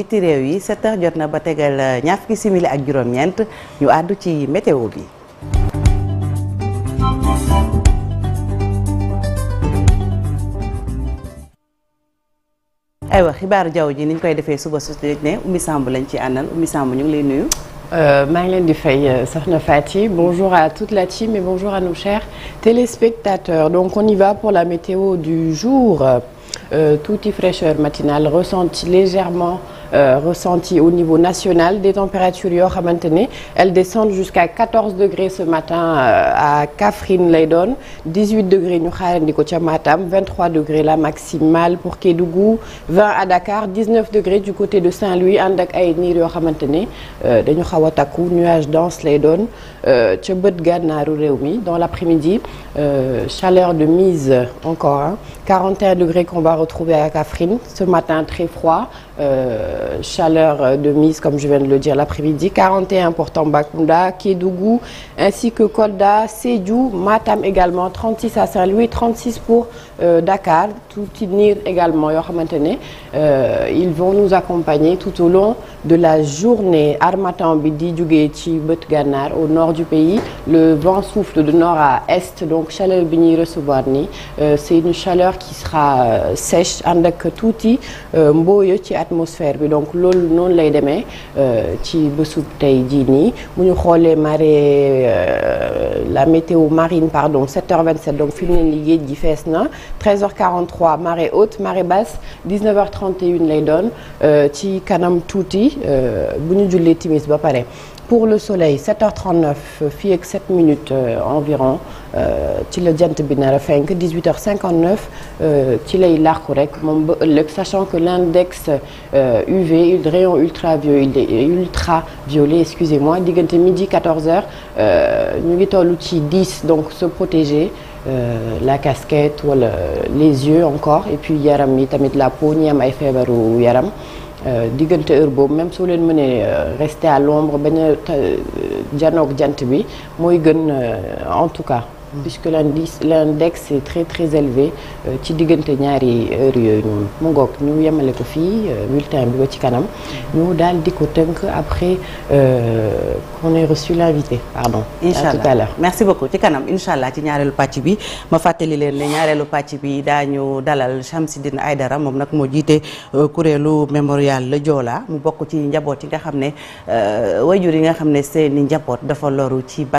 jiiti réew yi 7 jot na ba tegal euh, ñaar fukki simili ak juróom-ñeent ñu àddu ci météo bi. aywa xibaaru jaw ji ni koy defee suba su ne Oumy Samb lañ ci àndal Oumy Samb ñu ngi lay nuyu. Euh, maa ngi leen di fay euh, na Fati bonjour à toute la team et bonjour à nos chers téléspectateurs donc on y va pour la météo du jour euh, tuuti fraîcheur matinale ressentie légèrement. Euh, ressenti au niveau national des températures yoo xamante ne elles descendent jusqu'à 14 degrés ce matin euh, à Kaffrine lay doon 18 degrés ñu xaarandi ko ca Matam 23 degrés la maximale pour Kédougou 20 à Dakar 19 degrés du côté de saint ànd ak ay niir yoo xamante ne euh, dañu xaw a takku nuage dense lay doon ca bët gànnaaru réew mi dans l'après-midi chaleur de mise encore hein, 41 degrés qu'on va retrouver à Kaffrine ce matin très froid euh, chaleur euh, de mise, comme je viens de le dire l'après-midi, 41 pour Tambacounda, Kédougou, ainsi que Kolda, Sédhiou, Matam également, 36 à Saint-Louis, 36 pour euh, Dakar, Toutenir également, yoo xamante ne euh, ils vont nous accompagner tout au de la journée harmattan bi di jógee ci bët gànnaar au nord du pays le vent souffle de nord à est donc chaleur bi ñuy recevoir ni euh, c'est une chaleur qui sera euh, sèche ànd ak tuuti euh, mbooya ci atmosphère bi donc loolu noonu lay demee ci bésub tey jii nii mu ñu xoolee marée la météo marine pardon 7h27 donc fi liggéey ne fees na 13h43 marée haute marée basse 19h31 lay doon ci kanam tuuti. Euh, bu ñu jullee timis ba pare pour le soleil 7h39 fii ak 7 minutes euh, environ euh, ci la jant bi nar a fenk 18h59 ci lay làqu rek moom ba ëllëg sachant que l'index UV rayon ultraviolet ultraviolet excusez-moi diggante midi 14h ñu ngi toll ci 10 donc se protéger. Euh, la casquette wala les yeux encore et puis yaram yi tamit la peau ñi am ay feebaru yaram Euh, diggante heure boobu même soo leen mënee euh, rester à l'ombre bañ a euh, janoog jant bi mooy gën en tout cas Mm. puisque l'indice la est très très élevé euh, ci diggante ñaari heure yooyu noonu mu ngoog ñu yemale ko fii euh, bulletin bi ba ci kanam mm. ñu daal di ko tënk après euh, qu'on ait reçu l'invité pardon incha allah à ci kanam incha allah ci ñaareelu pàcc bi ma fàttali leen ñaareelu pàcc bi daañu dalal Chamsidine Aydara moom nag moo jiite kuréelu mémorial la Joola mu bokk ci njaboot yi nga xam ne wayjur yi nga xam ne seeni njaboot dafa loru ci